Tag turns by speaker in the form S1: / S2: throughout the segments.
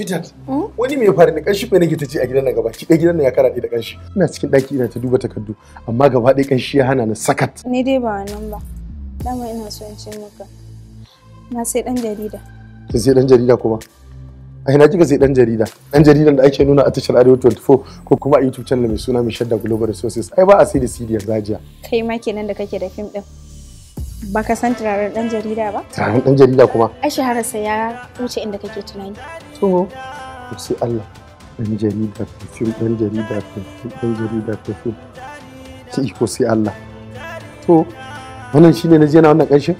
S1: sweetheart hmm? wani mai fara da kanshi nake ta ci a gidan nan gaba ki gidan nan ya kara da kanshi ina cikin daki ina ta duba takardu amma gaba ɗaya kanshi ya hana ni sakat
S2: ni dai ba wannan ba dama ina so in ce maka na sai dan jarida
S1: ki sai dan jarida kuma a ina kika sai dan jarida dan jaridan da ake nuna a tashar Arewa 24 ko kuma a YouTube channel mai suna mai shadda Global Resources ai ba a sai da CD Rajiya
S2: kai ma kenan da kake da fim din baka san turaren dan jarida ba
S1: turaren dan jarida kuma
S2: ai shahararsa ya wuce inda kake tunani
S1: tsoho ko sai Allah ɗan jarida perfume ɗan jarida perfume ɗan jarida perfume ta iko sai Allah to wannan shine na je na wannan ƙarshen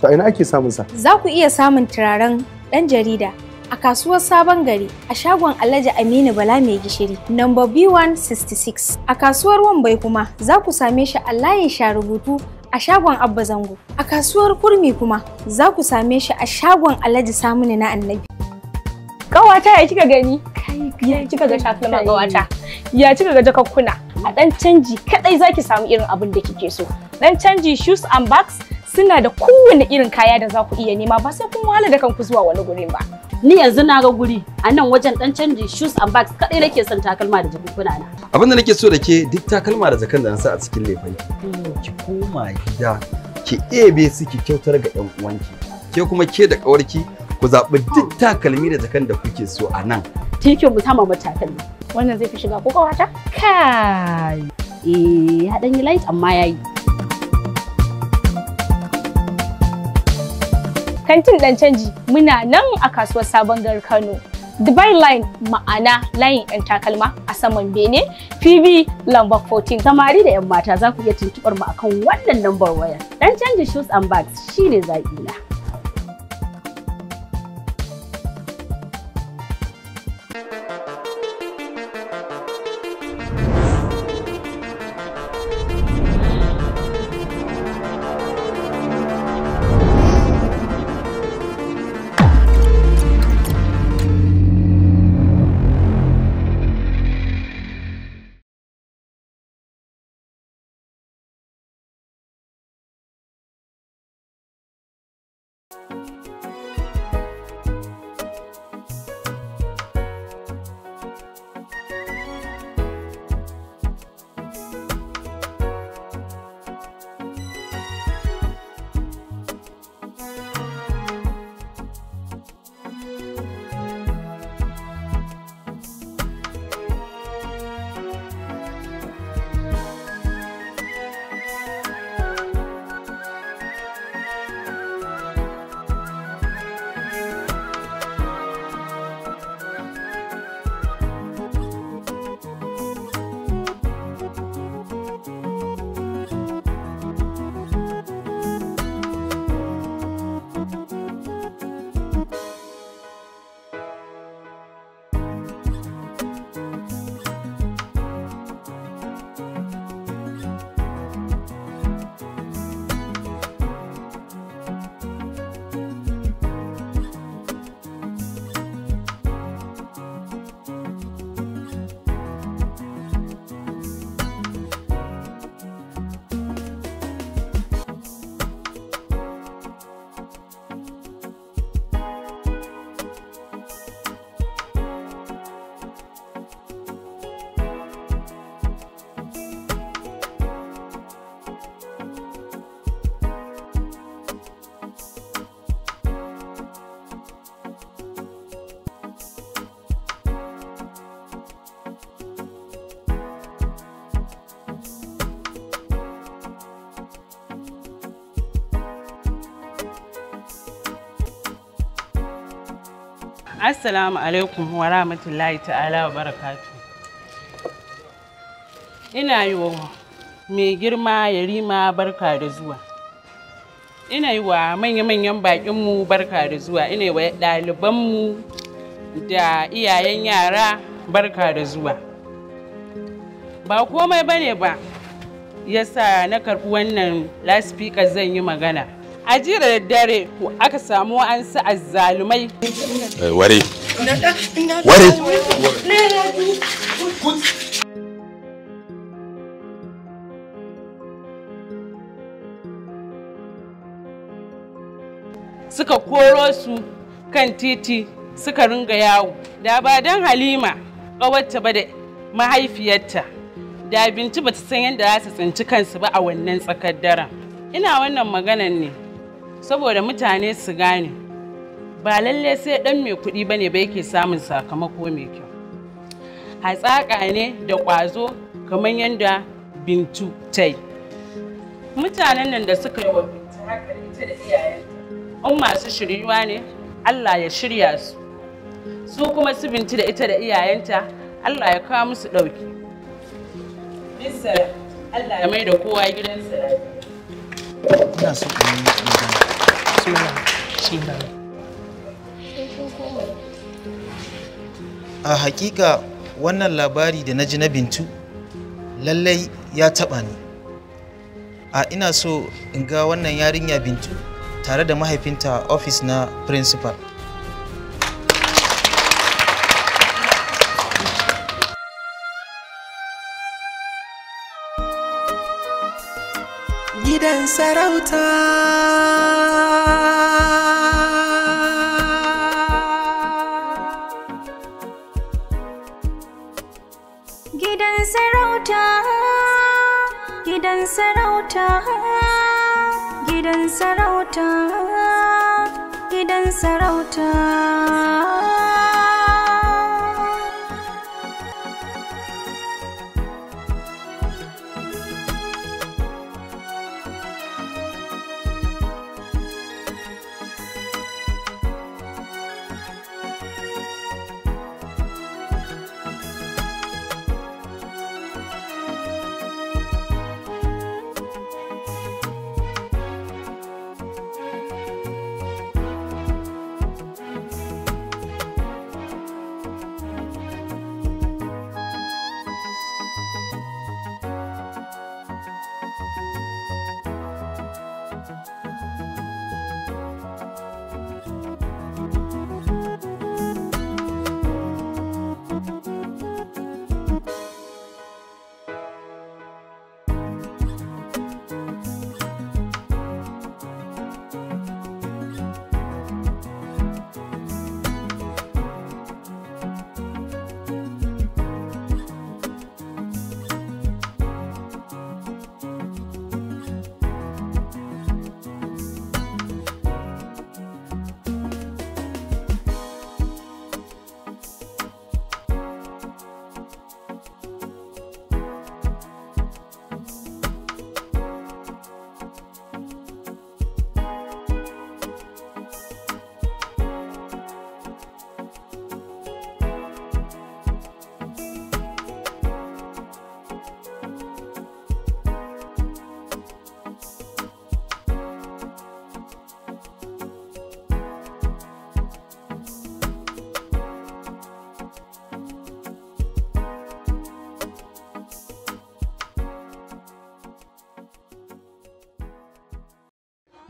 S1: to a ina ake samun sa
S2: za ku iya samun turaren ɗan jarida a kasuwar Sabon Gari a shagon Alhaji Aminu Bala mai gishiri number B166. A kasuwar Wambai kuma za ku same shi a layin rubutu a shagon Abba Zango. A kasuwar Kurmi kuma za ku same shi a shagon Alhaji Saminu na Annabi. Kawata ya kika gani? Ya kika ga shafilma kawata Ya kika ga jakakkuna? A dan canji kadai zaki samu irin abin da kike so. Dan canji shoes and bags suna da kowane irin kaya da za ku iya nema ba sai kun wahala da kanku zuwa wani gurin ba. ni yanzu na ga guri a nan wajen dan canji shoes and bags kadai nake son takalma da jakunkuna na
S1: abin da nake so da ke duk takalma da zakan da na sa a cikin lefai
S2: hmm. ki koma
S1: gida
S3: ki ebe su ki kyautar ga yan uwanki ke kuma ke da ƙawarki ku zaɓi duk takalmi da zakan da kuke so a nan
S2: tikin mu sama mu takalmi wannan zai fi shiga ko kawata kai eh ya dan yi light amma yayi Kantin ɗan canji muna nan a kasuwar Sabon Gari Kano. Dubai Line ma'ana layin 'yan takalma a saman Bene, PV lambar 14. Samari da 'yan mata za ku iya tuntuɓar mu akan wannan lambar waya. Ɗan canji shoes and bags shine zaɓi na.
S4: Assalamu alaikum wa rahmatullahi ta'ala wa barakatu. Ina yi wa mai girma yarima barka da zuwa. Ina yi wa manya-manyan baƙinmu barka da zuwa. Ina yi wa ɗalibanmu da iyayen yara barka da zuwa. Ba komai ba ne ba, yasa na karɓi wannan laspika zan yi magana. a jiya da daddare aka samu an su azzalumai
S5: eh, ware ware
S4: suka koro su kan titi suka ringa yawo da ba don halima ƙawarta ba da mahaifiyarta da binci bata san yadda za su tsinci kansu ba a wannan tsakar daren ina wannan maganan ne saboda mutane su gane ba lalle sai ɗan mai kuɗi ba ne ba yake samun sakamako mai kyau hatsaka ne da ƙwazo kamar yadda bintu ta yi mutanen nan da suka yi wa bintu haka ita da iyayenta in masu shiryuwa ne allah ya shirya su su kuma su bintu da ita da iyayenta allah ya kawo musu ɗauki bisa allah ya mai da kowa gidansa lafiya
S1: a hakika wannan labari da na ji na bintu lallai ya taɓa ni a ina so in ga wannan yarinya bintu tare da mahaifinta a ofis na principal
S5: gidan sarauta gidan sarauta gidan sarauta gidan sarauta gidan sarauta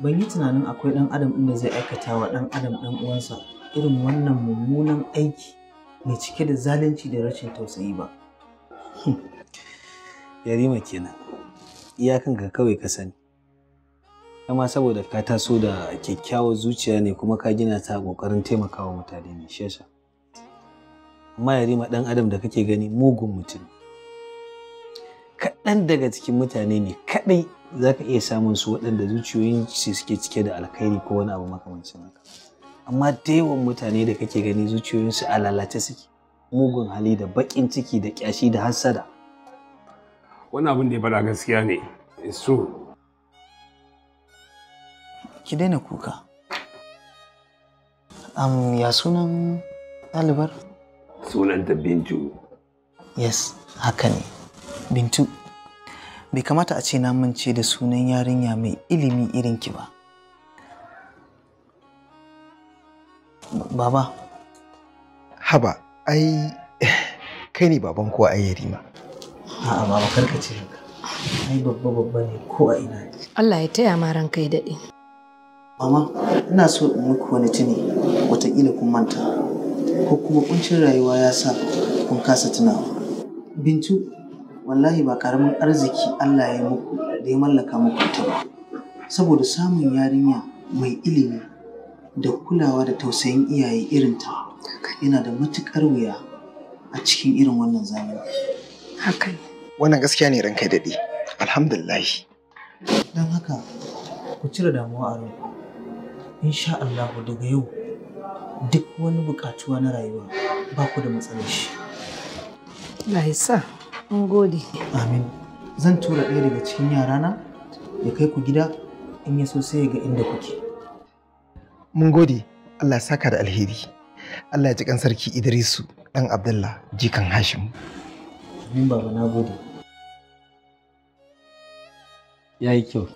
S1: ban yi tunanin akwai ɗan adam ɗin da zai aikata wa ɗan adam ɗan uwansa irin wannan mummunan aiki mai cike da zalunci da rashin tausayi ba. Hmm. Yarima kenan, iyakan ka kawai ka sani. kama saboda ka taso da kyakkyawar zuciya ne kuma ka gina ta ƙoƙarin taimakawa mutane ne shesha Amma Yarima ɗan adam da kake gani mugun mutum. Kaɗan daga cikin mutane ne kaɗai za ka iya samun su waɗanda zuciyoyin su suke cike da alkhairi ko wani abu makamancin haka amma da yawan mutane da kake gani zuciyoyin su a lalace suke mugun hali da baƙin ciki da ƙyashi da hassada wani abin da ya faɗa gaskiya ne it's ki daina kuka am ya sunan ɗalibar
S3: sunanta bintu yes haka ne
S1: bintu bai kamata a ce na mance da sunan yarinya mai ilimi irin ki ba baba haba ai kai ne baban ko ai yarima a'a baba karka ce haka ai babba babba ne ko a ina
S2: Allah ya taya ma ranka ya dade
S1: mama ina so in muku wani tuni wataƙila kun manta ko kuma kuncin rayuwa ya sa kun kasa tunawa bintu wallahi ba karamin arziki Allah ya muku da ya mallaka muku ta ba saboda samun yarinya mai ilimi da kulawa da tausayin iyaye irin ta, yana da matukar wuya a cikin irin wannan zamani hakan wannan gaskiya ne ranka daɗe alhamdulillah don haka ku cire damuwa a ranku insha Allah daga yau duk wani buƙatuwa na rayuwa ba ku da matsalar shi
S5: Nice, sir. Mun gode.
S1: Amin. Zan tura ɗaya daga cikin yarana ya kai ku gida in ya so sai ya ga inda kuke. Mun gode. Allah saka da alheri. Allah ya ji kan sarki Idrisu dan Abdullah jikan Hashim. Amin baba na gode. Ya yi kyau.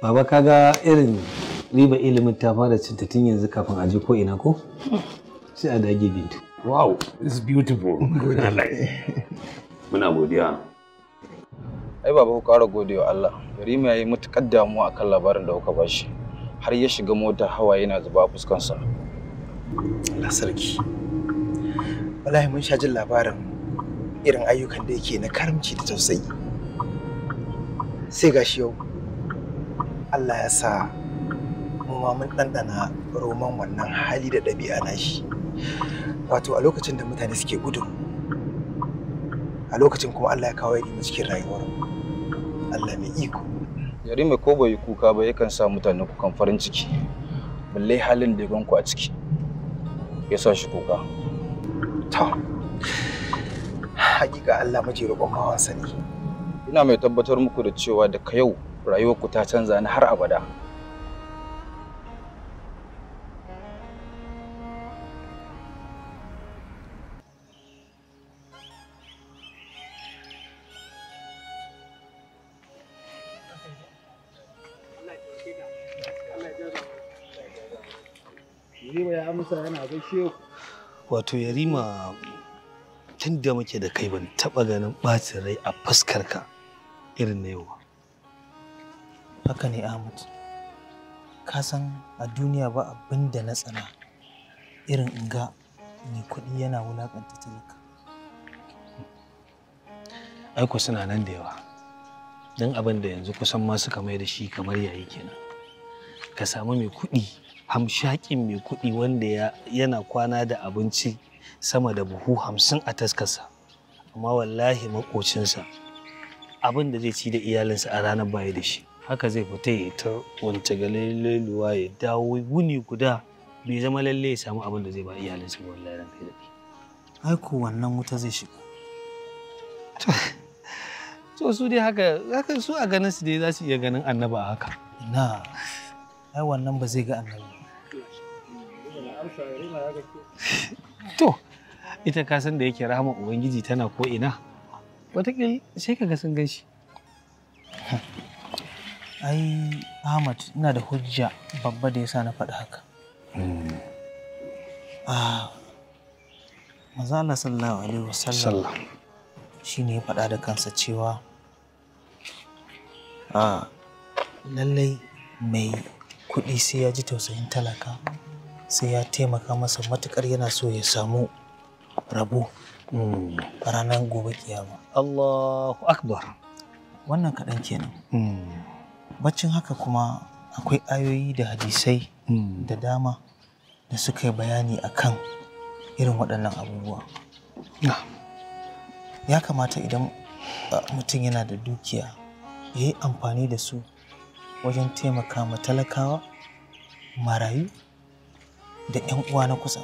S1: Baba kaga irin riba ilimin ta fara cinta tun yanzu kafin a je ko ina ko? Hmm. Sai a dage bintu. Wow, it's beautiful. muna godiya ai baba ku ƙara gode wa Allah Yarima ya yi matuƙar damuwa akan labarin da kuka ba shi har ya shiga mota hawa yana zuba a fuskansa Allah sarki wallahi mun sha jin labarin irin ayyukan da yake na karamci da tausayi sai gashi yau Allah ya sa ma mun ɗanɗana roman wannan hali da ɗabi'a nashi. wato a lokacin da mutane suke gudu a lokacin kuma Allah ya kawo yarima cikin rayuwar Allah mai iko mai ko bai kuka ba yakan sa mutane kukan farin ciki balle halin da ganku a ciki ya sa shi kuka to hakika Allah maji roƙon bawansa ne ina mai tabbatar muku da cewa daga yau rayuwarku ta canza ni har abada Wato Yarima tun da muke da kai ban taba ganin ɓacin rai a fuskarka irin na yau Haka ne Ahmad. Ka san a duniya ba abin da na tsana irin in ga mai kuɗi yana wulaƙanta talaka. Aiko suna nan da yawa. Don abin da yanzu kusan ma suka mai da shi kamar yayi kenan. Ka samu mai kuɗi hamshakin mai kuɗi wanda yana kwana da abinci sama da buhu hamsin a taskarsa amma wallahi makocinsa abin da zai ci da iyalinsa a ranar baya da shi haka zai fita ya ta wance galileluwa ya dawo wuni guda bai zama lalle ya samu abin da zai ba iyalinsa ba wallahi ran kai daɗi ai ko wannan wuta zai shiga to su dai haka haka su a ganin su dai za su iya ganin annaba haka na ai wannan ba zai ga annaba. to ita ka san da yake rahama ubangiji tana ko ina wataƙil sai ka ga sun gan ai ahmad ina da hujja babba da yasa na faɗi haka hmm. ah, maza Allah sallallahu alaihi wasallam shi ne ya faɗa da kansa cewa ah, lallai mai kuɗi sai ya ji tausayin talaka sai ya taimaka masa matukar yana so ya samu rabo ranar gobe kiyama. Allahu Akbar. Wannan kaɗan kenan. Baccin haka kuma akwai ayoyi da hadisai da dama da suka yi bayani akan irin waɗannan abubuwa. Ya kamata idan mutum yana da dukiya ya yi amfani da su wajen taimaka ma talakawa marayu da ƴan uwa na kusa.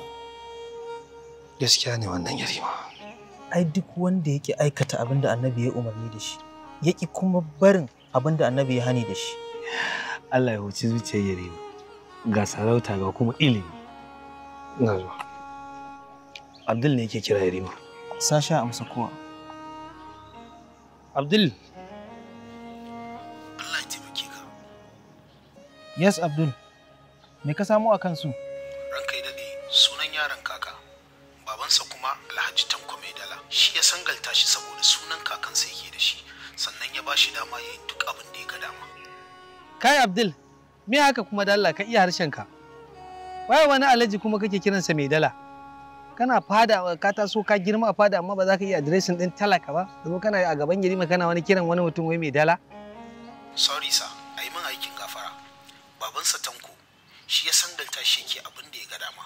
S1: Gaskiya ne wannan yarima. Ai duk wanda yake aikata abin da annabi ya umarni da shi, yake kuma barin abin da annabi ya hani da shi. Allah ya huci zuciyar yarima. Ga sarauta ga kuma ilimi. Ina zo. Abdul ne yake kira yarima. Sasha amsa kowa. Abdul. Allah ya taimake ka. Yes Abdul. Me ka samu a kansu? su? shi ya sangalta shi saboda sunan kakansa yake da shi sannan ya ba shi dama ya yi duk abin da ya ga dama kai abdul me haka kuma dalla ka iya harshen ka waye wani alaji kuma kake kiransa mai dala kana fada ka taso ka girma a fada amma ba za ka iya adireshin din talaka ba Kazo kana a gaban girma kana wani kiran wani mutum wai mai dala sorry sa a yi min aikin gafara babansa tanko shi ya sangalta shi ke abin da ya ga dama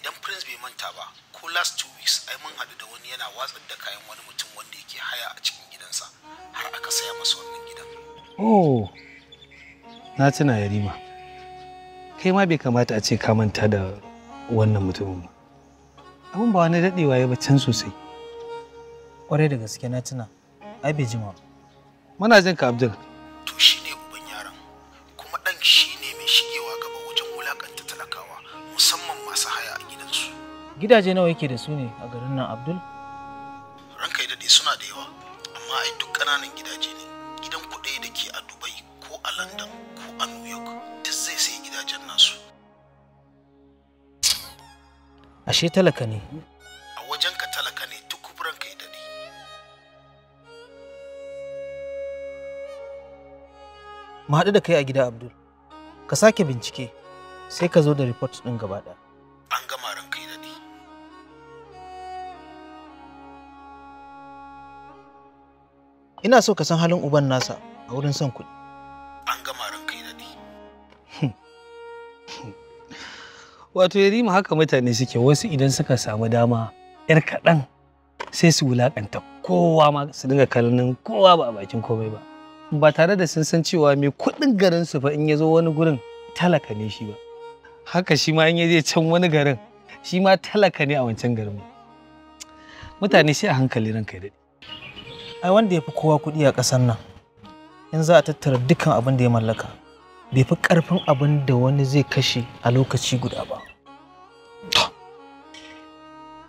S1: idan prince bai manta ba ko last two weeks ai mun haɗu da wani yana watsar da kayan wani mutum wanda yake haya a cikin gidansa har aka saya masa wannan gidan oh na tuna yarima kai ma bai kamata a ce ka manta da wannan mutumin ba abin ba wani daɗewa ya can sosai ƙwarai da gaske na tuna ai bai jima muna jin ka abdul to shi Gidaje nawa yake da su ne a garin nan Abdul? Ranka daɗe suna da yawa, amma ai duk kananan gidaje ne. Gidan kuɗi da ke a Dubai ko a London ko a New York duk zai sai gidajen nasu. Ashe talaka ne. A wajenka talaka ne duk ranka da ni Mu haɗu da kai a gida Abdul. Ka sake bincike sai ka zo da report ɗin gaba ɗaya. Ina so ka san halin uban nasa a wurin son kuɗi. An gama kai na daɗi. Wato yarima haka mutane suke wasu idan suka samu dama ‘yar kaɗan sai su wulaƙanta kowa ma su dinga kallon kowa ba a bakin komai ba. Ba tare da sun san cewa mai kuɗin garin su fa in ya zo wani gurin talaka ne shi ba. Haka shi ma in ya je can wani garin shi ma talaka ne a wancan garin. Mutane sai a hankali kai daɗi. ai wanda ya fi kowa kuɗi a ƙasar nan in za a tattara dukkan abin da ya mallaka bai fi ƙarfin abin da wani zai kashe a lokaci guda ba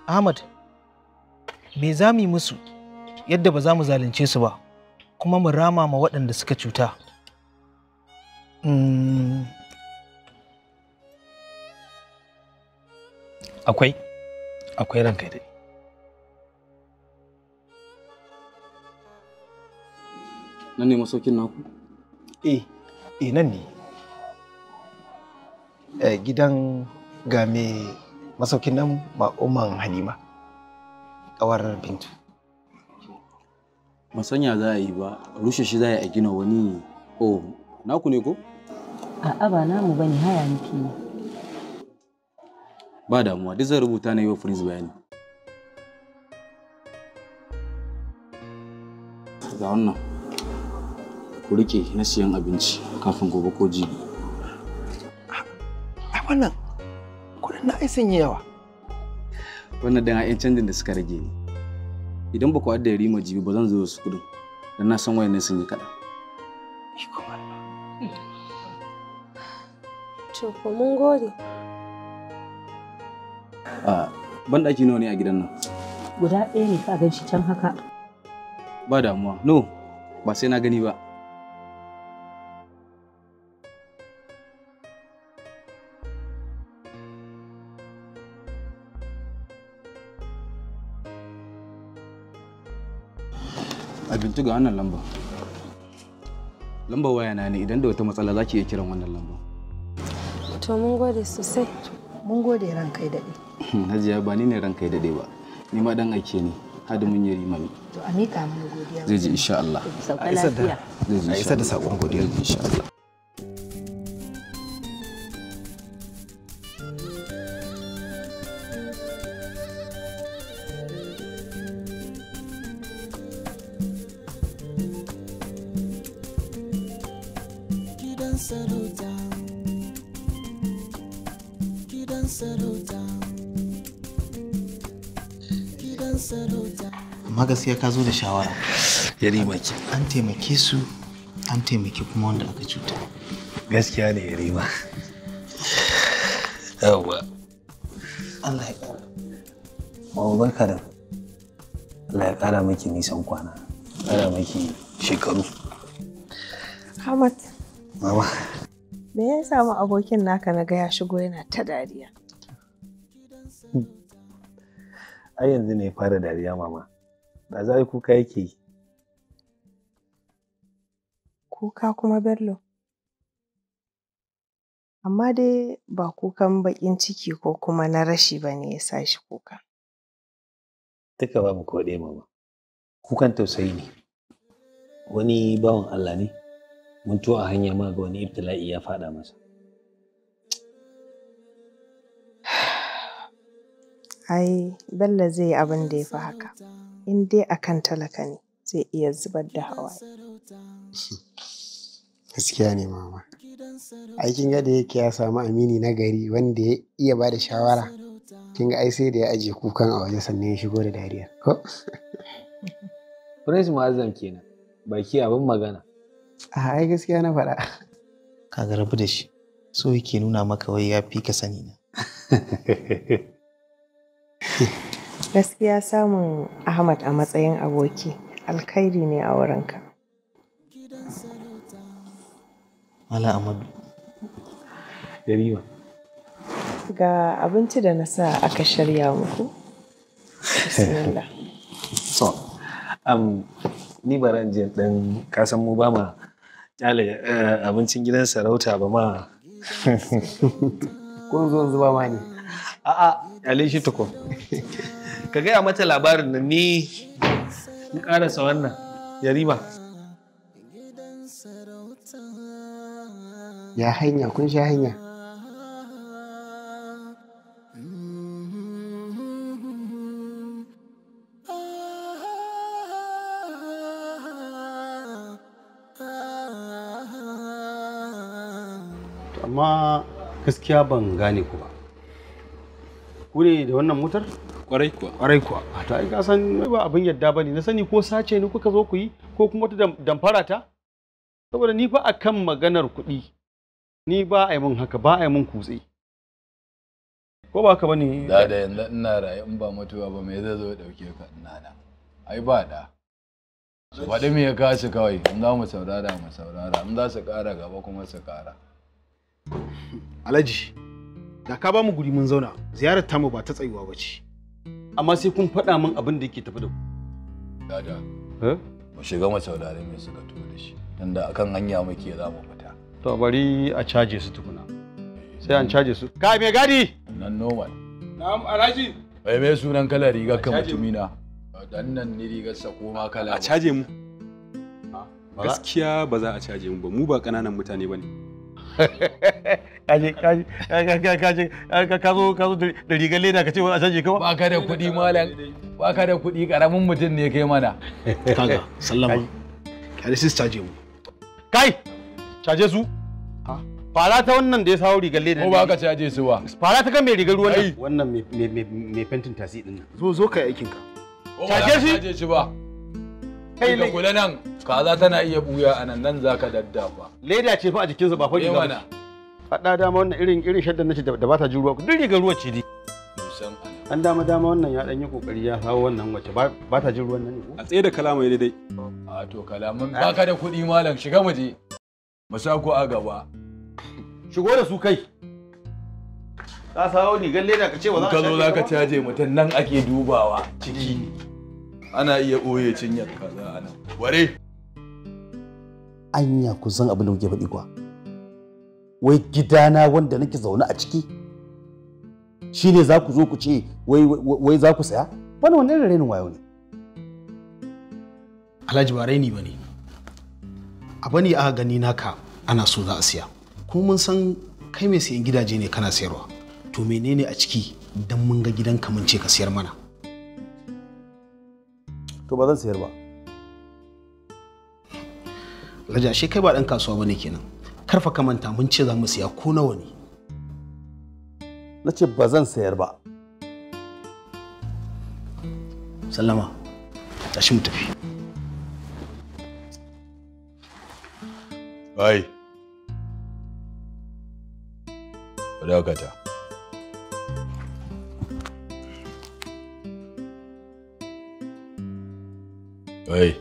S1: ahmad me za mu yi musu yadda ba za mu zalunce su ba kuma mu rama ma waɗanda suka cuta hmm. akwai
S6: akwai ranka dai Nan ne masaukin naku? Eh,
S1: eh nan ne. Eh, gidan ga me masaukin nan ba umman Halima. Kawar
S6: Bintu. Masanya za a yi ba, rushe shi za a gina wani. Oh, naku ne ko?
S4: A'a ba namu bane haya nake yi.
S6: Ba damuwa, duk
S3: zan rubuta na yi wa Prince bayani. ga wannan ku rike na siyan abinci kafin gobe ko
S6: jibi.
S1: a wannan kudin na ai yi yawa.
S6: Wannan dan ayin canjin da suka rage ni. Idan ba ku adda rima jibi ba zan zo su kudin Dan na san wayannan sun yi kaɗan.
S2: To ko mun gode.
S3: A ban ɗaki nawa ne a gidan nan?
S2: Guda ɗaya ne ka gan shi can haka.
S3: Ba damuwa. No, ba sai na gani ba.
S6: Anti ga wannan lamba. Lambar waya na ne idan da wata matsala za ki iya kiran wannan lamba.
S2: To mun gode sosai. Mun gode ran kai daɗe.
S1: Hmm, Hajiya ba ni ne ran kai daɗe ba. Ni ma dan ake ne. Hadi mun yi rimani.
S2: To a miƙa mana godiya. Zai ji insha Allah.
S5: A
S2: isa da sakon
S1: godiya insha Allah. zo da shawara yarima ke an taimake su an taimake kuma wanda aka cuta gaskiya ne yarima yawwa Allah ya ƙara Mawa barka da Allah ya ƙara maki nisan kwana
S3: ƙara maki shekaru
S2: Hamad Mama Me ya samu abokin naka na ga ya shigo yana ta dariya?
S1: Ai yanzu ne fara dariya mama. ba za kuka yake yi
S2: kuka kuma bello amma dai ba kukan baƙin ciki ko kuma na rashi ba ne
S5: ya sa shi kuka
S1: duka ba mu koɗe ma ba kukan tausayi ne wani bawan allah ne mun a hanya ma ga wani ibtila'i ya faɗa masa
S2: Ai Bello zai yi abin da ya fi haka. In dai a kan talaka ne zai
S5: iya zubar da hawa
S1: Gaskiya ne mama. Aikin gada yake ya samu amini na gari wanda ya iya bada shawara. Kin ga ai sai da ya ajiye kukan a waje sannan ya shigo da dariya. Ko? Prince Muazzam kenan. Baki abin magana. A ah, ai gaskiya na faɗa. Ka rabu da shi. So yake nuna maka wai ya fi ka sani na.
S5: Gaskiya samun Ahmad a matsayin aboki alkhairi ne a wurinka.
S1: Mala Amadu. yariwa
S4: Ga abinci da na sa aka shirya muku.
S1: so, um, ni ba ran ɗan dan kasan mu ba ma ƙyale eh, abincin gidan sarauta ba ma. Kun zo zuba ma ne. a'a yale shi tukun ka gaya mata labarin da ni in karasa wannan yarima ya hanya kun sha hanya amma gaskiya ban gane ku ba ku da wannan motar kwarai kuwa kwarai kuwa a ta ka san ba abin yadda ba ne na sani ko sace ni kuka zo ku yi ko kuma wata damfara ta saboda ni fa kan maganar kuɗi ni ba a yi mun haka ba a yi mun kutse ko ba ka bane da da
S3: yanzu ina raye in ba mutuwa ba me zai zo ya dauke ka ina da ai ba da faɗi me ya kashi kawai in za mu saurara mu saurara in za su ƙara gaba kuma su ƙara alhaji da ka ba mu guri mun zauna ziyarar tamu ba ta
S1: tsayuwa ba ce amma sai kun faɗa min abin da yake tafi da ku
S3: dada mu shiga mu saurare mai suka tuwo da shi dan da akan hanya muke za mu fita to bari a caje su tukuna eh, sai an caje su kai me gadi nan normal na'am alhaji bai me sunan kala riga kan mutumina dan nan ni rigar sa koma kala a caje mu gaskiya ba za a caje mu ba mu ba kananan mutane bane kaje kaje ka zo ka zo da rigar leda ka ce wani a canje kawa ba ka da kuɗi malam ba ka da kuɗi karamin mutum ne kai mana
S5: kaga
S1: sallama kyale sis caje mu
S3: kai caje su
S1: fara ta wannan da ya sawo rigar leda ko ba ka caje su ba fara ta kan mai rigar ruwan nan wannan
S3: mai fentin tasi din nan
S1: zo zo kai aikin ka
S3: caje shi ba kai ne kula nan kaza tana iya buya a nan nan zaka daddafa leda ce fa a jikinsa ba fa riga ba
S1: faɗa dama wannan irin irin shaddan nace da ba ta ji ruwa duk rigar ruwa ce dai an dama dama wannan ya dan yi kokari ya hawo wannan wace ba ta jin ruwan nan ne a tsaye da kalamai daidai
S3: a to kalaman baka da kuɗi malam shiga mu sa ku a gaba shigo da su kai ka sawo ni galle da ka ce ba za ka zo za ka caje mutum nan ake dubawa ciki hmm. ana iya ɓoye cinyar kaza ana ware
S1: anya ku san abin da kuke faɗi kuwa wai gidana wanda nake zaune a ciki shi ne za ku zo ku ce wai za ku saya wani wani irin renin wayo ne alhaji ba raini ba ne A ne aka gani naka ana so za a siya kuma mun san kai mai sayan gidaje ne kana sayarwa to menene a ciki don mun ga gidan mun ce ka siyar mana to ba zan sayar ba alhaji kai ba ɗan kasuwa ba ne kenan karfa ka manta mun ce za mu siya ko nawa ne na ce ba zan sayar ba
S3: sallama tashi mu tafi ai dakata ai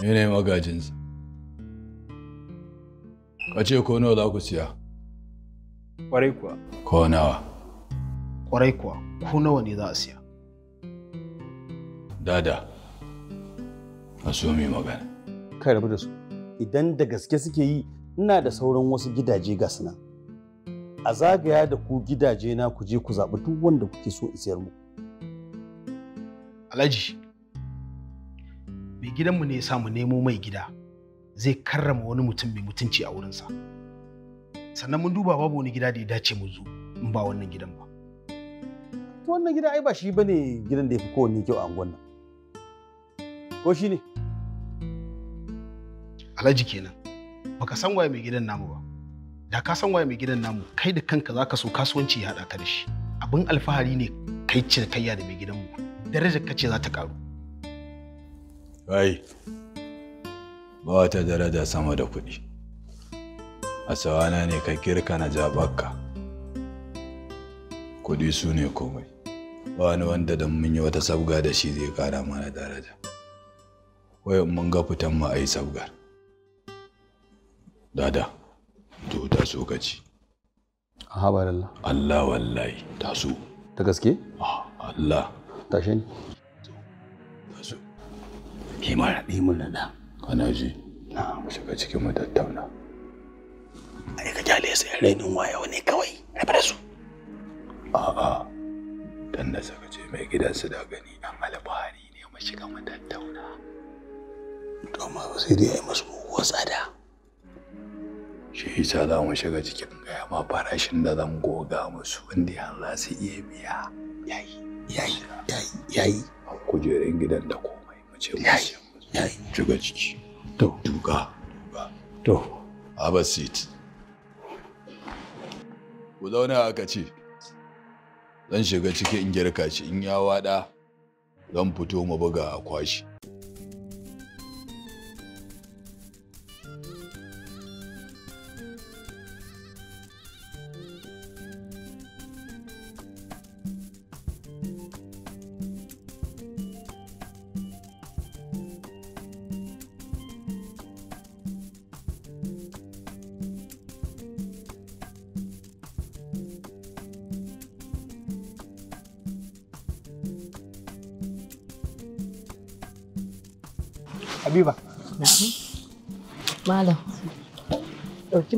S3: Mene magajinsa Ka ce ko nawa za ku siya? Kwarai kuwa. Ko nawa? Kwarai kuwa, ko nawa ne za a siya? Dada, a so mai magana.
S1: Kai rabu da su, idan da gaske suke yi, ina da sauran wasu gidaje ga suna. A zagaya da ku gidaje na ku je ku zaɓi duk wanda kuke so in sayar mu. Alhaji, mai gidanmu ne ya samu nemo mai gida. zai karrama wani mutum mai mutunci a wurinsa sannan mun duba babu wani gida da ya dace mu zo in ba wannan gidan ba to wannan gida ai ba shi bane gidan da ya fi kowanne kyau a angon nan ko shi ne alhaji kenan baka san waye mai gidan namu ba da ka san waye mai gidan namu kai da kanka zaka so kasuwanci ya hada ka da shi abin alfahari ne kai cinikayya da mai gidanmu darajar ka ce za ta karu
S3: Right. ba wata daraja sama da kuɗi a sawana ne ka girka na jabarka kuɗi su ne komai ba wani wanda don mun yi wata sabga da shi zai kara mana daraja wai mun ga fitan mu a yi sabgar dada to ta so ka ci habarallah Allah wallahi ta so ta gaske ah, Allah tashe ne. ta so ki mara ɗi mun da Ana ji na mu shiga cikin mu tattauna ai ka jale sai rainin waya wani kawai Ai da su a'a dan da saka ce mai gidansu da gani dan alfahari ne mu shiga mu tattauna to amma ba sai dai ai masu muguwar tsada shi yasa za mu shiga cikin gaya ma farashin da zan goga musu wanda ya za su iya biya yayi yayi yayi yayi kujerun gidan da komai mu ce mu yayi shiga ciki to duka
S5: duka to
S3: ku zauna aka ce zan shiga cikin in girka shi in ya wada zan fito mu buga a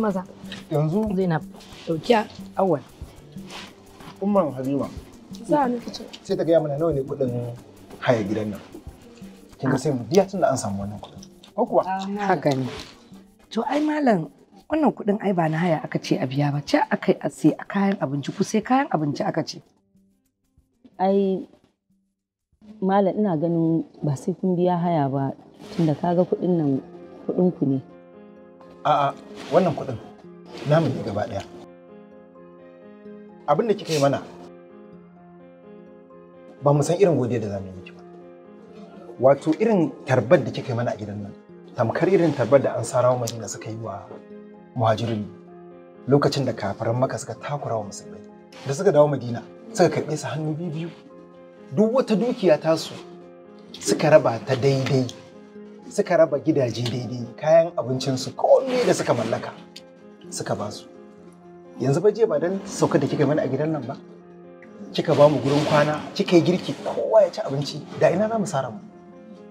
S2: maza yanzu zainab dauki awal umman halima za ni kice sai ta gaya mana nawa ne kudin
S1: haya gidan nan kin sai mu biya
S2: tunda an samu wannan kudin ko kuwa ah, haka ne to ai malam wannan kudin ai ba na haya aka ce a biya ba ce akai a sai a kayan abinci ku sai kayan abinci aka ce ai malam ina ganin ba sai kun biya haya ba
S4: tunda kaga kudin nan kudin ku ne
S1: A'a, wannan kuɗin namu ne gaba ɗaya. Abin da kika yi mana ba mu san irin godiya da zamu yi miki ba. Wato irin tarbar da kika yi mana a gidan nan, tamkar irin tarbar da an sarawa Madina suka yi wa muhajirin lokacin da kafaran maka suka takura wa musulmai da suka dawo Madina suka karɓe su hannu biyu duk wata dukiya tasu suka raba ta daidai suka raba gidaje daidai kayan abincinsu komai da suka mallaka suka ba su yanzu ba je ba don sauka da kika mana a gidan nan ba kika ba mu gurin kwana kika yi girki kowa ya ci abinci da ina za mu sara mu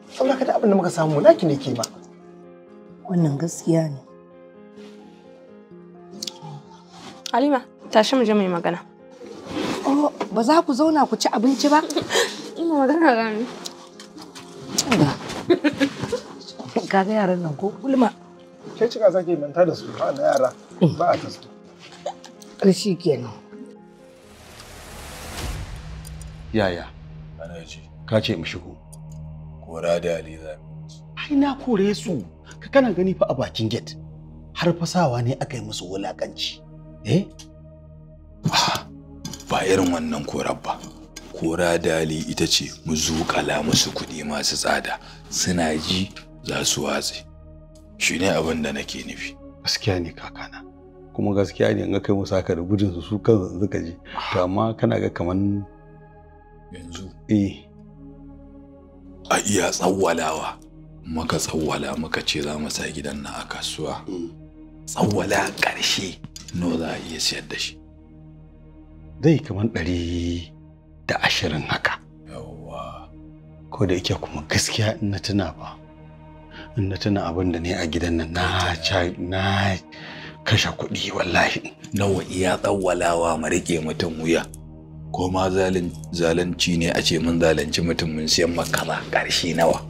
S1: saboda ka da abin da muka samu naki ne ke ma wannan gaskiya ne
S2: Halima tashi mu je mu yi magana oh ba za ku zauna ku ci abinci ba ina magana ga ni Ka ga yaran nan ko kulma.
S1: ke cika sake manta da su ba na yara
S2: ba a tasu ƙarshe kenan
S3: yaya ana ce ka ce mu shigo kora da ali za
S1: ai na kore su ka kana gani fa a bakin gate har fasawa ne aka yi musu wulakanci
S3: eh ba irin wannan korar ba kora dali ita ce mu zuƙala musu kuɗi masu tsada suna ji za su watse shi ne abin da nake nufi gaskiya ne kakana
S1: kuma gaskiya ne in kai musu haka da gudun su su kan zanzu ka ji to amma kana ga kaman
S3: yanzu eh a iya tsawwalawa maka tsawwala maka ce za mu sa gidan nan a kasuwa mm. tsawwala ƙarshe no za a iya siyar da shi
S1: zai kaman ɗari da ashirin haka yawwa ko da yake kuma gaskiya in na tuna ba
S3: in na tuna abin da ne a gidan nan na na kashe kuɗi wallahi nawa iya tsawwalawa mu rike mutum wuya ko ma zalunci ne a ce mun zalunci mutum mun siyan makara ƙarshe nawa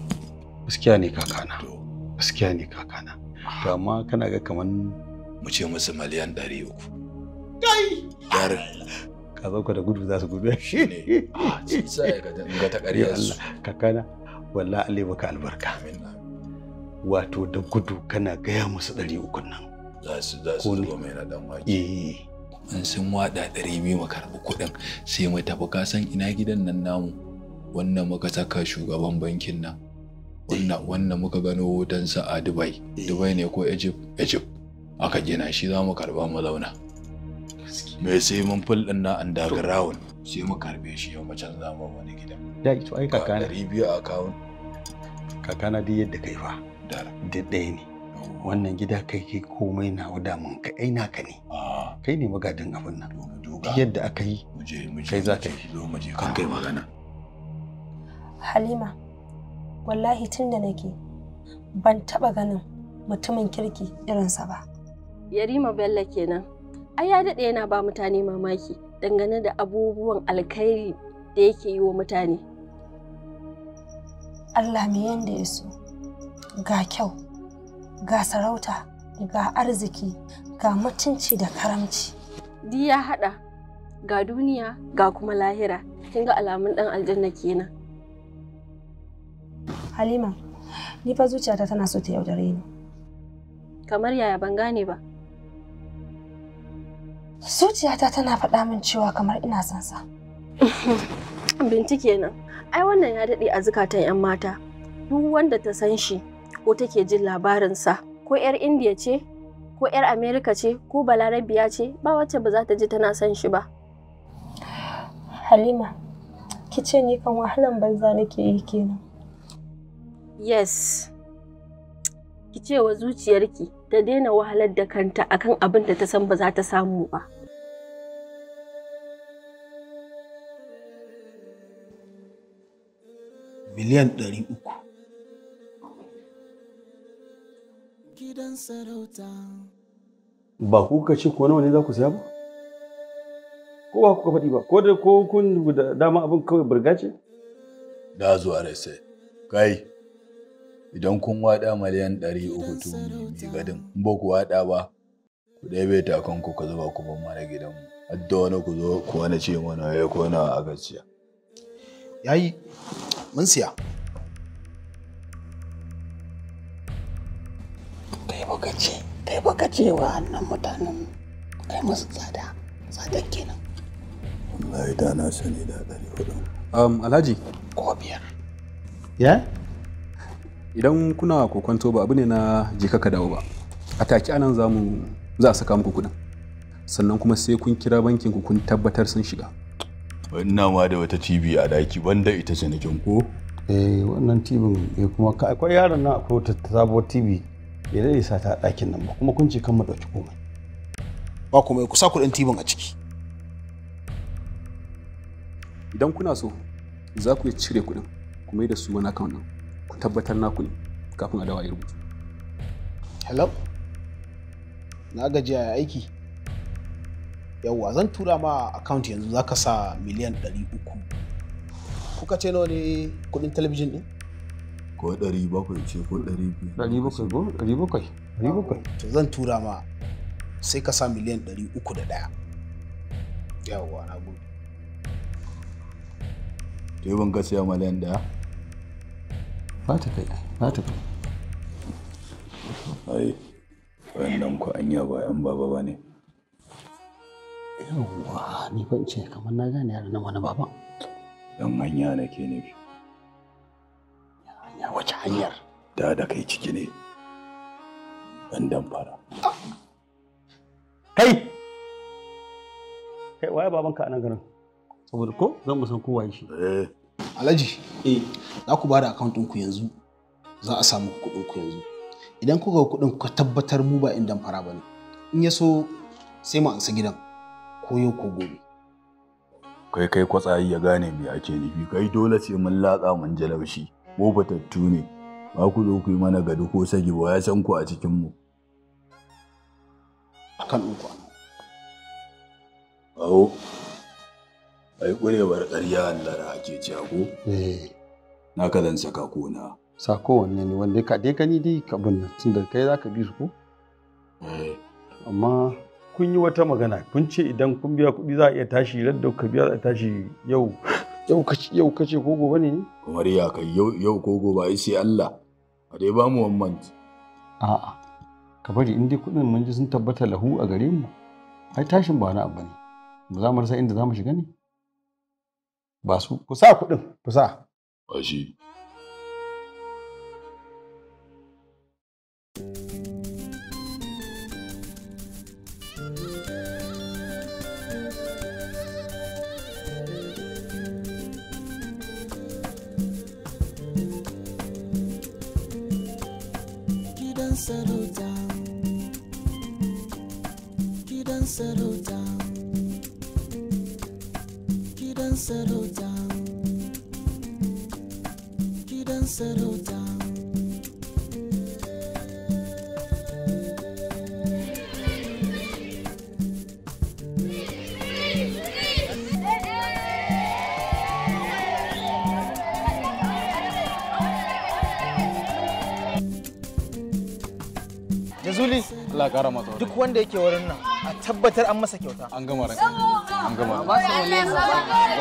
S3: gaskiya ne kakana gaskiya ne kakana to amma kana ga kaman mu ce musu miliyan ɗari uku kai ka zo da gudu za su gudu shi ne a ah, ci sa ga ta ƙarya
S1: kakana wallahi Allah baka albarka
S3: amin wato da gudu kana gaya musu ɗari uku nan. Za su za su zuba mai na ɗan wake. Eh. In sun waɗa ɗari biyu mu karɓi kuɗin sai mu tafi ka san ina gidan nan namu. Wannan muka saka shugaban bankin nan. Wannan eh. wannan muka gano hotonsa a Dubai. Eh. Dubai ne ko Egypt? Egypt. Aka gina shi za mu karba mu zauna. Me sai mun ful ɗin na underground sai mu karbe shi yau mu canza wani gidan. Da ito ai kakana. Ɗari biyu a akawun. Kakana
S1: dai yadda kai fa. dara duk ɗaya ne wannan gida kai kai komai na wada mun ka ai naka ne ah. kai ne magadin abin nan yadda aka yi kai za ka yi
S2: kan kai magana halima wallahi tun da nake ban taɓa ganin mutumin kirki irinsa ba yarima bello kenan ai ya daɗe yana ba mutane mamaki dangane da abubuwan alkhairi da yake yi wa mutane Allah me yanda ya so ga kyau ga sarauta ga arziki ga mutunci da karamci di ya haɗa ga duniya ga kuma lahira kin ga alamun ɗan aljanna kenan halima ni fa zuciyata tana so ta yaudare ni kamar yaya ban gane ba zuciyata tana faɗa min cewa kamar ina son sa bincike nan ai wannan ya daɗe a zukatan 'yan mata duk wanda ta san shi ko take jin labarinsa ko 'yar indiya ce ko 'yar amerika ce ko balarabiya ce ba wacce ba za ta ji tana son shi ba halima ki ce ni kan wahalan banza nake yi kenan yes ki ce wa zuciyarki ta daina wahalar da kanta akan abin da ta san ba za ta samu ba
S1: miliyan ɗari sarauta. Ba ku ka ce ko nawa ne za ku siya ba?
S3: Ko ba ku ka faɗi ba? Ko da ko kun da dama abin kawai burga ce? Da zuwa rai sai. Kai, idan kun waɗa miliyan ɗari uku tu mai gadin, in ba ku waɗa ba, ku bai takanku ku zuba ku ban mana gidanmu. Adda wani ku zo ku wani ce mana ya eh, kona a gaciya. Yayi, mun siya.
S4: ka ce kai ba ce wa annan mutanen
S3: kai musu tsada tsada kenan wallahi da na sani da ɗari hudu um, alhaji ko biyar ya idan kuna kokonto ba abu ne na jika ka dawo ba a taki anan za mu za a saka muku kuɗin sannan kuma sai kun kira bankin ku kun tabbatar sun shiga ina ma da wata tv a daki wanda ita ce nakin ko eh wannan tibin eh kuma akwai yaron na akwai wata sabuwar tv ya daɗe sa ta ɗakin nan ba kuma kun ce kan mu komai
S1: ba komai ku sa kuɗin tibin a ciki
S3: idan kuna so za ku cire kuɗin ku mai da su wani akawun nan ku tabbatar ku ne kafin a dawa ya rubutu
S1: hello na gaji a aiki yawwa zan tura ma account yanzu za ka sa miliyan 300 kuka ce nawa ne kuɗin talabijin ɗin ko ɗari bakwai ce ko ɗari biyu ɗari bakwai ko ɗari bakwai ɗari bakwai to zan tura ma sai ka sa miliyan ɗari uku da ɗaya yawwa na gode
S3: to ban ka siya miliyan ɗaya
S5: ba ta kai ba ta kai
S3: ai wannan ku anya ba yan baba ba ne
S1: yawwa ni ban ce kamar na gane yaran nan wani baban
S3: yan anya nake nufi ya wace hanyar da da kai ciki ne dan damfara
S1: kai kai waye baban a nan garin saboda ko zan mu san kowa shi eh alhaji eh za ku bada account ɗinku yanzu za a samu kuɗin ku yanzu idan kuka kuɗin ku tabbatar mu ba in damfara bane in ya so
S3: sai mu ansa gidan ko yau ko gobe kai kai kwatsayi ya gane me ake nufi kai dole sai mun latsa mun jalaushi mu batattu ne ba ku zo ku yi mana gadi ko sagi ba ya san ku a cikin mu akan uku awo ai kurewar ƙarya Allah da ake ci ko eh na ka zan saka ko na sako wanne ne
S1: wanda ka dai gani dai ka bin tun da kai zaka bi su ko eh amma kun yi wata magana kun ce idan kun biya kuɗi za a iya tashi ladda ka biya za a tashi yau
S3: yau ka yau kace ko gobe ne ne kamar ya kai yau yau ko gobe ai sai Allah a dai ba mu wannan
S1: a'a ka bari in dai kudin mun ji sun tabbata lahu a gare mu ai tashin ba na abu ne ba za mu rasa inda za mu shiga ne
S3: ba su ku sa kudin ku sa ashi
S1: zuli Allah kara masa duk wanda yake wurin nan a tabbatar an masa kyauta an gama ranka
S5: an gama ba su wani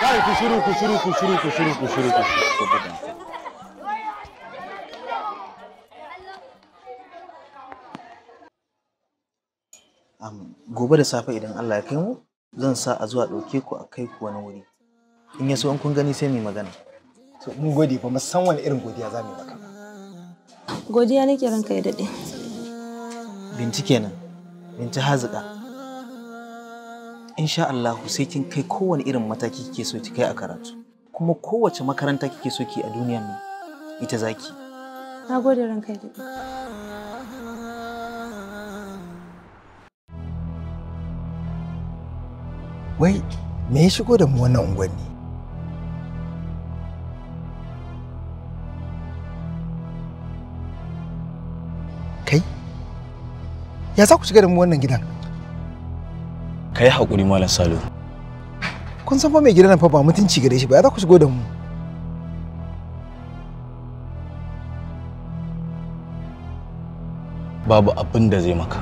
S5: kai ku shiru ku shiru ku
S1: shiru ku shiru ku shiru ku shiru gobe da safe idan Allah ya kai mu zan sa a zuwa ɗauke ku a kai ku wani wuri in ya so in kun gani sai mu magana to mun gode ba musamman irin godiya za mu yi maka
S2: Godiya nake ranka ya daɗe.
S1: Binti kenan, binti haziƙa. Insha Allahu sai kin kai kowane irin mataki kike so ki kai a karatu. Kuma kowace makaranta kike so ki a duniyar nan ita zaki.
S2: Na gode ranka ya daɗe.
S1: Wai, me ya shigo da mu wannan unguwanni? ya za ku shiga da mu wannan gidan
S6: ka yi haƙuri malam salo
S1: kun san fa mai gidan fa ba mutunci gare shi ba ya za ku shigo da mu
S3: babu abin da zai maka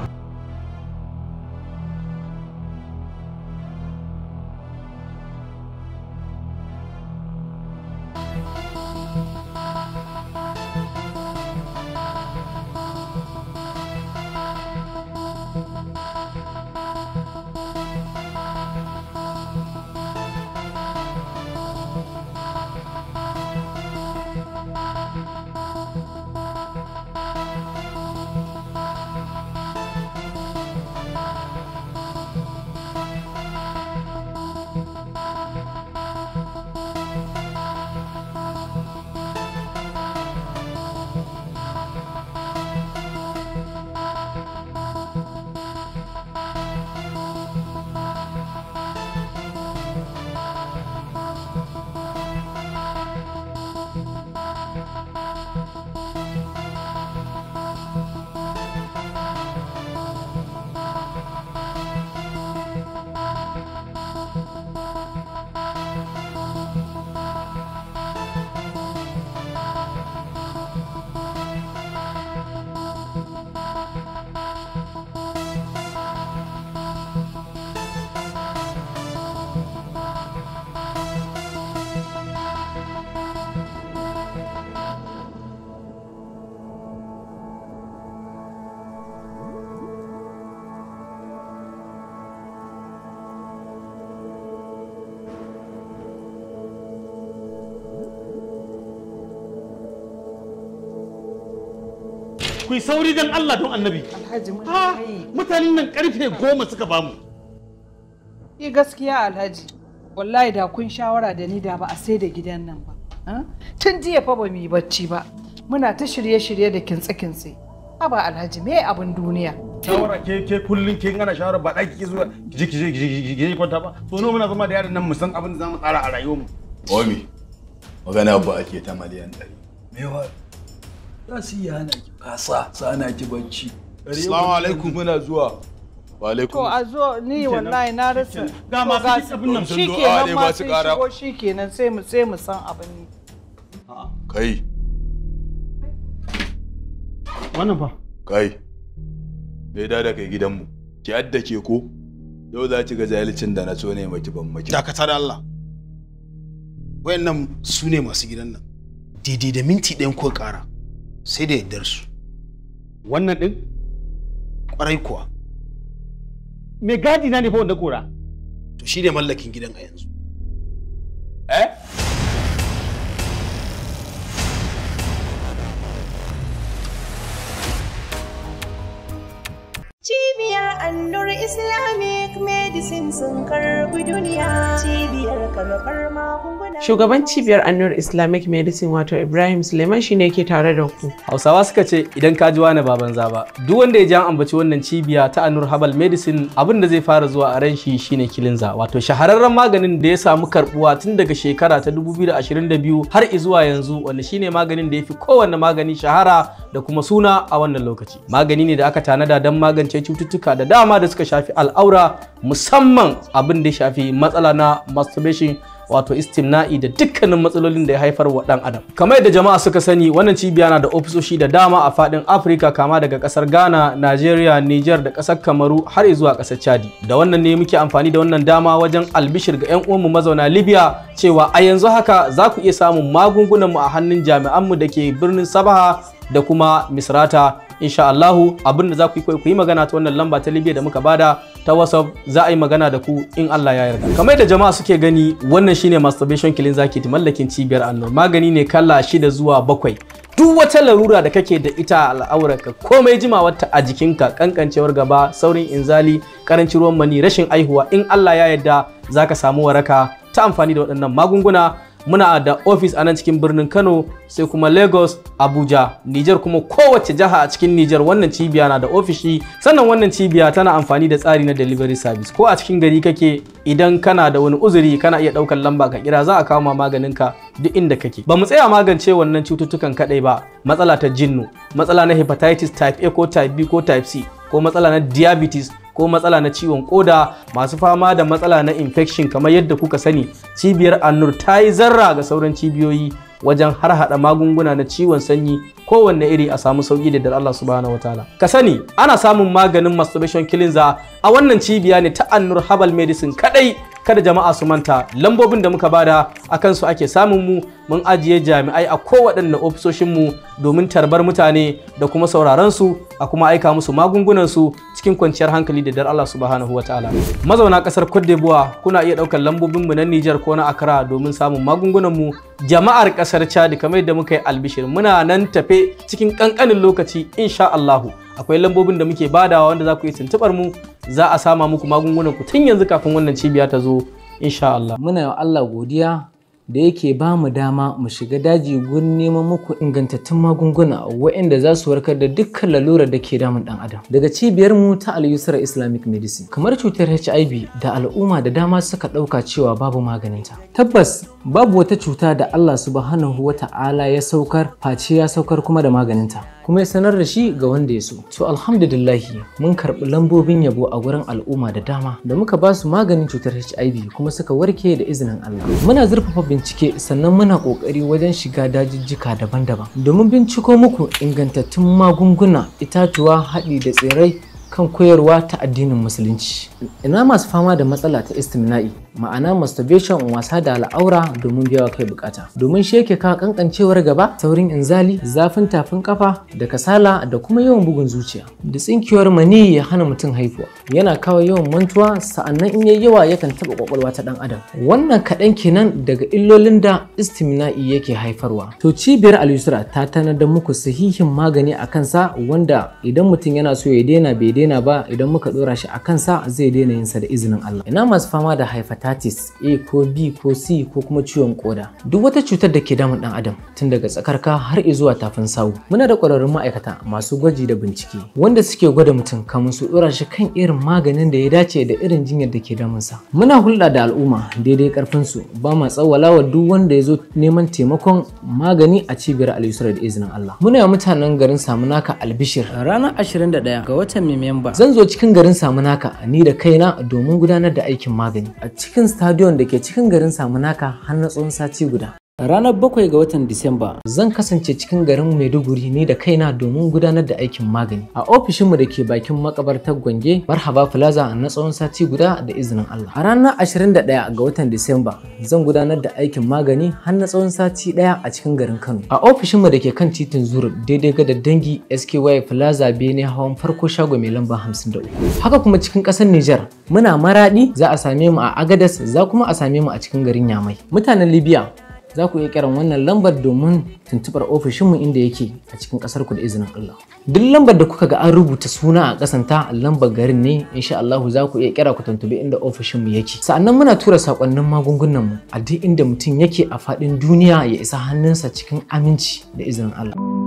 S1: ku yi sauri don Allah don annabi ah, mutanen nan karfe goma suka bamu
S4: yi gaskiya alhaji wallahi da kun shawara da ni da ba a sai da gidan nan ba ah? tun jiya fa ba mu yi bacci ba muna ta shirye-shirye da kintse-kintse ba alhaji me abin duniya
S1: shawara ke ke kullun ke gana shawara ba ɗaki zuwa ki ki ki ki kwanta ba so no muna zama da yaran nan mu san abin da zamu
S3: tsara a rayuwarmu omi magana ba ake ta miliyan ɗari me za su iya hana ki fasa su hana ki bacci assalamu alaikum muna zuwa wa alaikum to a zo ni wallahi na rasa ga ma ga abin nan sun do'a ne ba su kara ko
S4: shikenan sai mu sai mu san abin ne
S3: kai wannan fa kai dai da da kai gidanmu ki adda ke ko yau za ki ga zalicin da na so ne maki ban maki dakata da Allah
S1: wayannan su ne masu gidan nan daidai da minti ɗayan ko ƙara sai da yardar su wannan din kwarai kuwa me gadi na ne fa wanda kora to shi ne mallakin gidan a yanzu eh
S4: Cheese! cibiyar annur islamic medicine sun karbi duniya cibiyar karbar
S6: magunguna shugaban cibiyar annur islamic medicine wato ibrahim suleiman shine ke tare da ku hausawa suka ce idan ka ji wani baban zaba duk wanda ya ji an ambaci wannan cibiya ta annur herbal medicine abin da zai fara zuwa a ran shi shine kilinza wato shahararren maganin da ya samu karbuwa tun daga shekara ta 2022 har izuwa yanzu wanda shine maganin da ya fi kowanne magani shahara da kuma suna a wannan lokaci magani ne da aka tanada don magance cututtuka cututtuka da dama da suka shafi al'aura musamman abin da ya shafi matsala na masturbation wato istimna'i da dukkanin matsalolin da ya haifar wa dan adam kamar yadda jama'a suka sani wannan cibiya na da ofisoshi da dama a fadin afirka kama daga kasar ghana nigeria niger da kasar kamaru har zuwa kasar chadi da wannan ne muke amfani da wannan dama wajen albishir ga yan uwanmu mazauna libya cewa a yanzu haka za ku iya samun magungunanmu a hannun jami'anmu da ke birnin sabaha da kuma misrata insha Allahu abin da za ku yi ku magana ta wannan lamba ta Libya da muka bada ta WhatsApp za a yi magana da ku in Allah ya yarda kamar da jama'a suke gani wannan shine masturbation killing zaki ta mallakin cibiyar annur magani ne kala shida zuwa bakwai duk wata larura da kake da ita a al'aurarka komai ta a jikinka kankancewar gaba saurin inzali karancin ruwan mani rashin aihuwa in Allah ya yarda zaka samu waraka ta amfani da waɗannan magunguna muna da ofis a nan cikin birnin kano sai kuma lagos abuja niger kuma kowace jiha a cikin niger wannan cibiya na da ofishi sannan wannan cibiya tana amfani da tsari na delivery service ko a cikin gari kake idan kana da wani uzuri kana iya ɗaukar lamba ka kira za a kawo ma maganinka duk inda kake ba mu tsaya magance wannan cututtukan kadai ba matsala ta jinnu matsala na hepatitis type a ko type b ko type c ko matsala na diabetes ko matsala na ciwon koda masu fama da matsala na infection kamar yadda kuka sani cibiyar annur ta yi zarra ga sauran cibiyoyi wajen har hada magunguna na ciwon sanyi kowanne iri a samu sauki da Allah subhanahu wataala ka sani ana samun maganin masturbation cleanser a wannan cibiya ne ta annur herbal medicine kadai kada jama'a su manta lambobin da muka bada akan su ake samun mu mun ajiye jami'ai a kowaɗanne ofisoshinmu domin tarbar mutane da kuma sauraron su a kuma aika musu magungunansu cikin kwanciyar hankali da dar Allah subhanahu wa ta'ala. Mazauna ƙasar Cote d'Ivoire kuna iya ɗaukar mu na Nijar ko na Accra domin samun magungunanmu jama'ar ƙasar Chad kamar yadda muka yi albishir muna nan tafe cikin ƙanƙanin lokaci insha Allahu. Akwai lambobin da muke badawa wanda za ku yi tuntuɓar mu
S7: za a sama muku magungunan ku tun yanzu kafin wannan cibiya ta zo insha Allah. Muna Allah godiya da yake ba mu dama mu shiga daji gurin neman muku ingantattun magunguna waɗanda za su warkar da dukkan lalurar da ke damun ɗan adam daga cibiyar mu ta al islamic medicine kamar cutar hiv da al'umma da dama suka ɗauka cewa babu maganinta tabbas babu wata cuta da Allah subhanahu wa ta'ala ya saukar face ya saukar kuma da maganinta kuma ya sanar da shi ga wanda ya so to alhamdulillahi mun karɓi lambobin yabo a gurin al'umma da dama da muka ba su maganin cutar HIV kuma suka warke da izinin Allah muna zurfafa bincike sannan muna ƙoƙari wajen shiga dajijjika daban-daban domin binciko muku ingantattun magunguna itatuwa haɗi da tsirai kan koyarwa ta addinin musulunci. Ina masu fama da matsala ta istimna'i ma'ana masturbation wasa da al'aura domin biyawa kai bukata. Domin sheke ka kankancewar gaba, saurin inzali, zafin tafin kafa da kasala da kuma yawan bugun zuciya. Da tsinkiyar mani ya hana mutum haifuwa. Yana kawo yawan mantuwa sa'annan in yayi yawa yakan taba kwakwalwa ta dan adam. Wannan kaɗan kenan daga illolin da istimna'i yake haifarwa. To cibiyar al ta tanar da muku sahihin magani akan sa wanda idan mutum yana so ya daina bai daina ba idan muka dora shi a kansa zai daina yin sa da izinin Allah ina masu fama da hepatitis A ko B ko C ko kuma ciwon koda duk wata cutar da ke damun dan adam tun daga tsakarka har zuwa tafin sawu muna da kwararrun ma'aikata masu gwaji da bincike wanda suke gwada mutum kamun su dora shi kan irin maganin da ya dace da irin jinyar da ke sa muna hulɗa da al'umma daidai karfin su ba ma tsawala wa duk wanda ya zo neman taimakon magani a cibiyar al da izinin Allah muna mutanen garin Samunaka Albishir ranar 21 ga watan mai zan zo cikin garin samunaka ni da kaina domin gudanar da aikin magani a cikin stadion da ke cikin garin samunaka har na tsawon sati guda Ranar bakwai ga watan Disamba zan kasance cikin garin Maiduguri ne da kaina domin gudanar da aikin magani. A ofishinmu da ke bakin makabartar Gwange, Marhaba Plaza na tsawon sati guda da izinin Allah. A ranar 21 ga watan Disamba zan gudanar da aikin magani har na tsawon sati ɗaya a cikin garin Kano. A ofishinmu da ke kan titin Zuru daidai ga dangi SKY Plaza Bene hawan farko shago mai lamba 53. Haka kuma cikin ƙasar Nijar muna maraɗi za a same mu a Agadez za kuma a same mu a cikin garin Yamai. Mutanen Libya za ku iya kiran wannan lambar domin tuntubar ofishinmu inda yake a cikin ƙasarku, ku da izinin Allah. Duk lambar da kuka ga an rubuta suna a ta lambar garin ne insha Allah za ku iya kira ku tuntubi inda ofishinmu yake. Sa'annan muna tura sakonnin magungunan mu a duk inda mutum yake a faɗin duniya ya isa hannunsa cikin aminci da izinin Allah.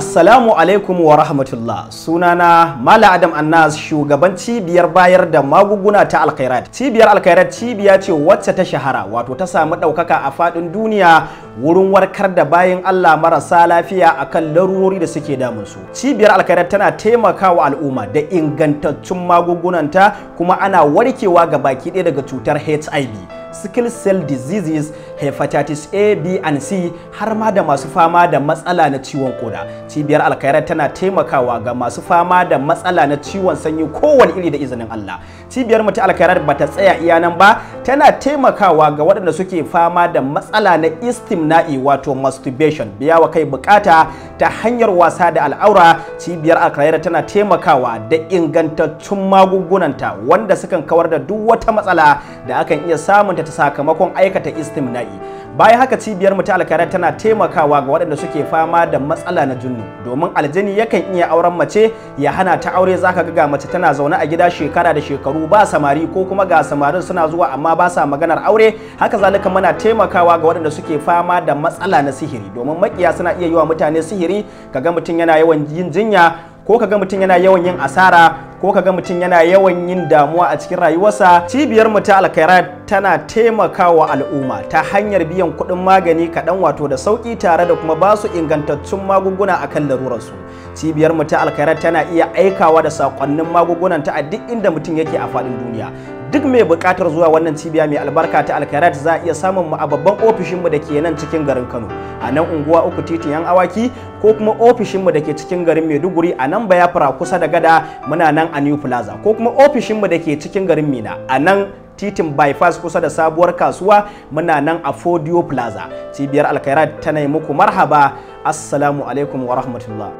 S8: Assalamu alaikum wa rahmatullah sunana Mala Adam Annas shugaban cibiyar bayar da magunguna ta Alkhairat. Cibiyar Alkhairat cibiya ce wacce ta shahara wato ta samu ɗaukaka a faɗin duniya wurin warkar da bayan Allah marasa lafiya akan larurori da suke damun su. Cibiyar Alkhairat tana taimakawa al'umma da ingantaccen magungunanta kuma ana warkewa ga baki ɗaya daga cutar HIV, sickle cell diseases hepatitis A, B and C har ma da masu fama da matsala na ciwon koda. Cibiyar Alkairat tana taimakawa ga masu fama da matsala na ciwon sanyi kowane iri da izinin Allah. Cibiyar mu ta ba ta tsaya iya nan ba, tana taimakawa ga waɗanda suke fama da matsala na istimna'i wato masturbation, biya wa kai bukata ta hanyar wasa da al'aura. Cibiyar Alkairat tana taimakawa da ingantattun magungunanta wanda sukan kawar da duk wata matsala da akan iya samunta ta sakamakon aikata istimna'i. yi bayan haka cibiyar mu ta alkara tana taimakawa ga waɗanda suke fama da matsala na junnu domin aljini yakan iya auren mace ya hana ta aure zaka ga mace tana zaune a gida shekara da shekaru ba samari ko kuma ga samarin suna zuwa amma ba sa maganar aure haka zalika muna taimakawa ga waɗanda suke fama da matsala na sihiri domin makiya suna iya yi wa mutane sihiri kaga mutum yana yawan yin jinya ko kaga mutum yana yawan yin asara ko ka ga mutum yana yawan yin damuwa a cikin rayuwarsa cibiyar mu ta Alkaira tana taimakawa al'umma ta hanyar biyan kuɗin magani kaɗan wato da sauƙi tare da kuma basu ingantattun magunguna akan larurarsu cibiyar mu ta Alkaira tana iya aikawa da saƙonnin magungunan ta a duk inda mutum yake a faɗin duniya duk mai buƙatar zuwa wannan cibiya mai albarka ta alkarat za a iya samun mu a babban ofishinmu da ke nan cikin garin kano a nan unguwa uku titin yan awaki ko kuma ofishinmu da ke cikin garin maiduguri a nan bayafra kusa da gada muna nan a new plaza ko kuma ofishinmu da ke cikin garin mina a nan titin bypass kusa da sabuwar kasuwa muna nan a fodio plaza cibiyar alkairat tana yi muku marhaba assalamu alaikum wa rahmatullah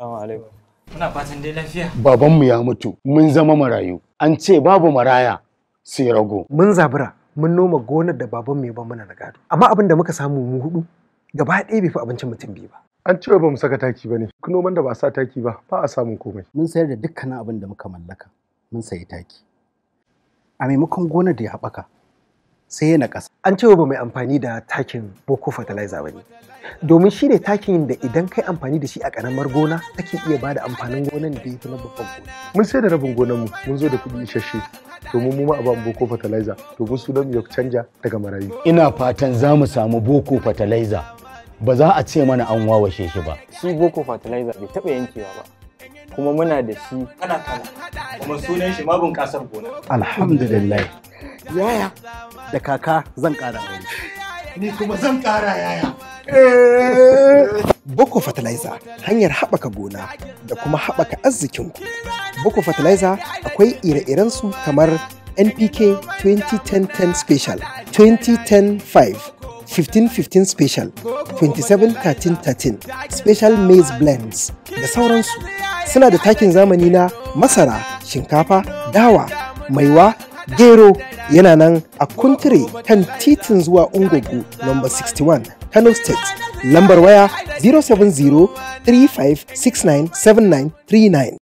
S8: muna fatan dai lafiya babanmu ya
S1: mutu mun zama marayu an ce babu maraya sai rago mun zabura mun noma gonar da baban mai ba mana na gado amma abin da muka samu mu hudu gaba ɗaya bai fi abincin mutum biyu ba an ce ba mu saka taki ba ne noman da ba sa taki ba ba a samun komai mun sayar da dukkanin abin da muka mallaka mun sayi taki a maimakon gonar da ya haɓaka sai na ƙasa. An ce ba mai amfani da takin boko fertilizer ba ne. Domin shi ne takin da idan kai amfani da shi a ƙaramar gona ake iya ba da amfanin gonan da ya fi na babban gona. Mun sai da rabin gonanmu mun zo da kuɗi isasshe domin mu ma a boko fertilizer domin da ya canja daga marayu. Ina fatan za mu samu boko fertilizer ba za a ce mana an wawashe shi ba.
S6: su boko fertilizer bai taɓa yankewa ba. kuma muna da shi kana kana kuma sunan shi mabun kasar gona
S1: alhamdulillah
S6: yaya da
S1: kaka zan kara aure ni kuma zan kara yaya eh. Boko Fertilizer hanyar haɓaka gona da kuma haɓaka arzikinku. Boko Fertilizer akwai ire-irensu kamar NPK 2010-10 Special, 2010-5, 15-15 special 27-13-13 special maize blends da sauransu suna da takin zamani na masara shinkafa dawa maiwa gero yana nan a kuntire kan titin zuwa ungogu no 61 kano state lambar waya 070 3569 7939